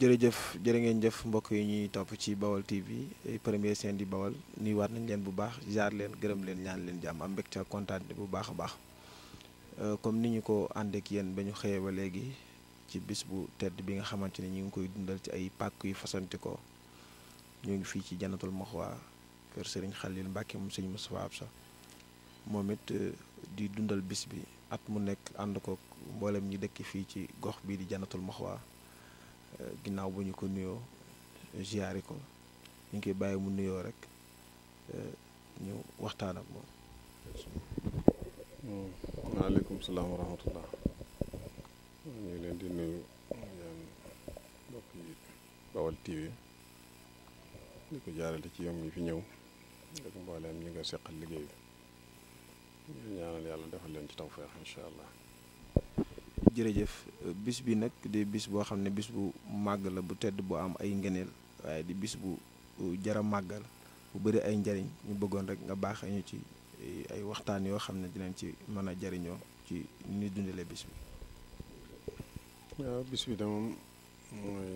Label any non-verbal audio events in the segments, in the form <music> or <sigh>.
jërëjëf jërë ngeen jëf mbokk yi ñuy topp ci Bawal TV eh, premier seen di Bawal nuyuwaat nañ leen bu baax jaar leen gërëm leen ñaan leen jàmm am mbégte ak kontaan bu baax a baax euh, comme ni ñu ko ànd ak ba ñu xëyee ba léegi ci bis bu tedd bi nga xamante ne ñu ngi koy dundal ci ay pàkk yu fasanti ko ñu ngi fii ci janatul maxwa kër sëriñ xal Xalil Mbàkke moom sëñ Moustapha Absa moom it euh, di dundal bis bi at mu nekk ànd ko mboolem ñu dëkk fii ci gox bii di janatul maxwa ginnaaw bu ñu ko nuyoo ziyaari ko ñu ngi koy bàyyi mu nuyoo rek eh, ñu waxtaan ak moom. Mm. waaleykum salaam wa rahmatullah leen di nuyu yéen mbokk yi Baol TV di ko jaarale ci yoon yi fi ñëw ak mbooleem ñi nga seqal liggéey bi ñu ñaanal yàlla defal leen ci taw tawfeex incha allah. jërëjëf bis bi nak di bis bo xamne ne bis bu mag la bu tedd bu am ay ngëneel waye di bis bu jara magal, bu bëri ay njariñ ñu bëggoon rek nga baaxee ñu ci eh, ay waxtaan yo xamne dinañ ci mëna jariño ci ni dundale bis bi ya bis bi da mom moy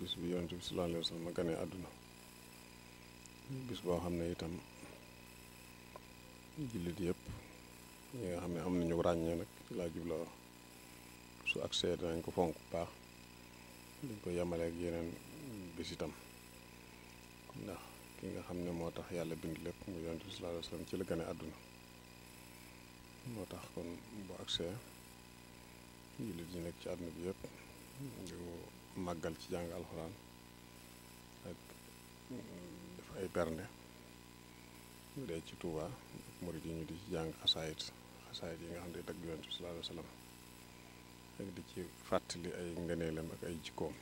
bis bi yaronte bi sallallahu alayhi wasallam gane aduna bis boo xam ne itam jullit yépp ñi nga xamne am nañu ràññee la jibla wax su accès danañ ko fonk baax dañ ko yamale ak yeneen bisitam ndax ki nga xam ne moo tax yàlla bind lépp mu yonent bi sallallahu alayhi wasallam ci la gën a àdduna moo tax kon bu accès julit yi nekk ci àdduna bi yëpp di ko màggal ci jàng alxuraan ak def ay bernde ñu dee ci tuuba ak murid yi ñu di ci jàng xasaayit xasaayit yi nga xam ne dag yonent bi sallallahu alayhi wasallam ak di ci fàttali ay ngëneelam ak ay jikkoom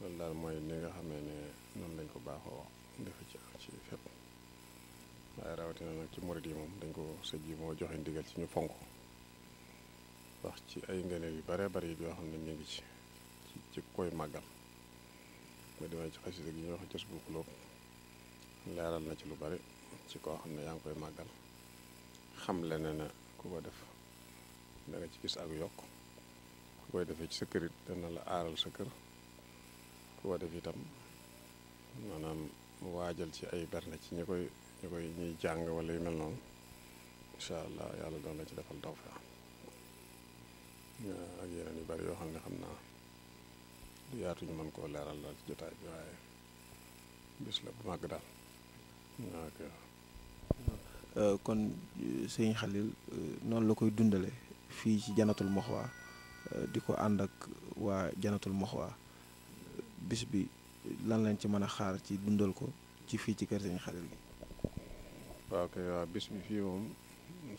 loolu daal mooy ni nga xamee ne noonu lañ ko baaxoo defe ci ci fépp waaye rawatina nag ci murit moom dañ ko sëj yi moo joxe ndigal ci ñu fonk wax ci ay ngëneel yu bare bare yi yoo xam ne ñu ngi ci ci koy màggal ba demee ci xasida gi ñuy wax na ci lu bari ci koo xam ne yaa ngi koy màggal xam le ne na ku ko def da nga ci gis ak yokk ku koy defee ci sa kër dana la aaral sa kër ku ko def itam maanaam mu waajal ci ay berne ci ñi koy ñi koy ñuy jàng wala yu mel noonu incha allah yàlla doon la ci defal tawfeex ak yu bari yoo xam ne xam naa du yaatuñu mën koo leeral daal ci jotaay bi waaye bis la bu màgg daal kon sëñ Xalil noonu la koy dundale fii ci janatul moxwaa euh, di ko ànd ak waa janatul moxwaa bis bi lan lañ ci mën a xaar ci dundal ko ci fii ci kër Sëriñ Xalil gi waaw kay waaw bis bi fii moom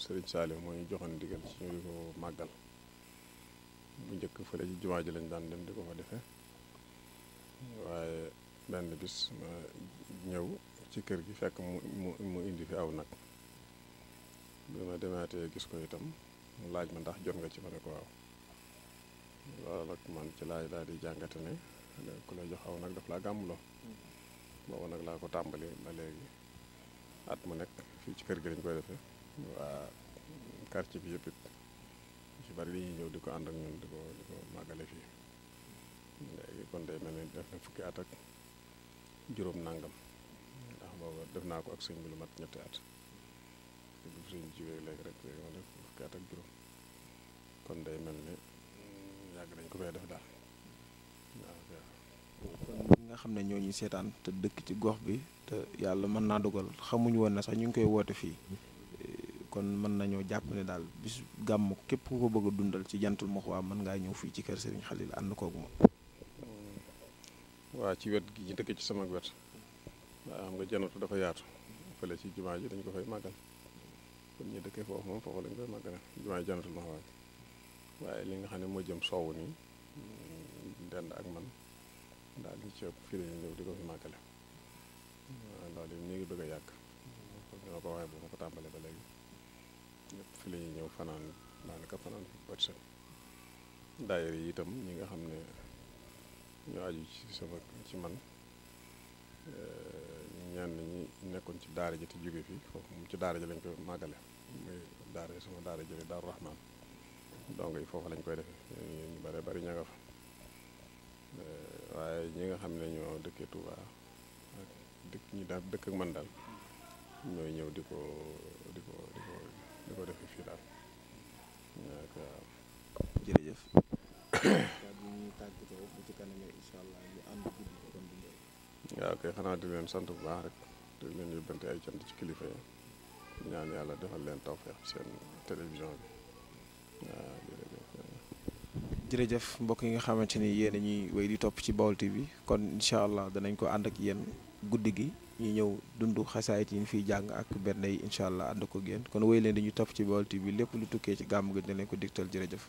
Sëriñ Saaliw mooy joxoon ndigal ci ñu di ko màggal bu njëkk fële ci jumaa ji lañ daan dem di ko fa defe waaye benn bis ñëw ci kër gi fekk mu mu indi fi aw nag bi ma demaatee gis ko itam laaj ma ndax jot nga ci ma ne ko waaw nag man ci laay daal di jàngate ne ku la jox aw nag daf laa gàmmuloo boobu nag laa ko tàmbali ba léegi at mu nekk fii ci kër gi lañ koy defee waa quartier bi yëpp it ci bari dañuy ñëw di ko ànd ak ñun di ko di fii léegi kon day mel ni def na fukki at ak juróom nangam ndax boobu def naa ko ak sëñ bi lu mat ñetti at bu fi ñu jiwee léegi rek wala fukki at ak juróom kon day mel ni yàgg dañ ko fay def daal nga xam ne ñoo ñu seetaan te dëkk ci gox bi te yàlla mën naa dogal xamuñu woon ne sax ñu ngi koy woote fii kon mën nañoo jàpp ne daal bis gàmm képp ku ko bëgg dundal ci jantul Mahwa mën ngaa ñëw fii ci kër Serigne Khalil ànd koogu ma. waa ci wet gi ñu dëkk ci sama wet. waaw xam nga janatu dafa yaatu fële ci jumaa ji dañ ko fay màggal. comme ñu dëkkee foofu moom foofu lañ koy màggale jumaay janatul maxwaaj waaye li nga xam ne moo jëm soow nii mm, dend ak man daal di ci ëpp fii lañu ñëw di ko fi màggale waaw loolu ñu ngi bëgg a yàgg dina waaye bu ma tàmbalee ba léegi ñëw fanaan daanaka yi itam ñi nga xam ne ñu aju ci sama ci man daara ji te jóge fi foofu moom ci daara ji lañ koy màggale muy daara ji sama daara ji di Daaru Rahmaan donc foofu lañ koy defee ñu bare bari ña nga fa eh, waaye ñi nga xam ne ñoo dëkkee Touba ak dëkk ak man daal ñooy ñëw di ko di ko di ko di ko defee fii daal waaw ah, <coughs> <coughs> ah, kay xanaa di leen sant bu baax rek. di leen yóbbante ay cant ci kilifa yi ñaan yàlla defal leen tawfeex seen télévision bi waaw jërëjëf. jërëjëf mbokk yi nga xamante ni yéen a ñuy wéy di topp ci Baol bi kon incha allah danañ ko ànd ak yéen guddi gi ñu ñëw dund xasaayit yi ñu fiy jàng ak benn yi incha allah ànd ko ak yéen kon wéy leen di ñu topp ci Baol bi lépp lu tukkee ci gàmm gi dinañ ko digtal jërëjëf.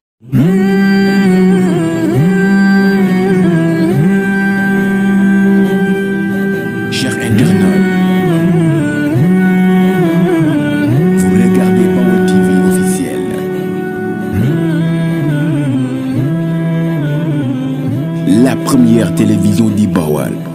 la première télévision d'Ibawal.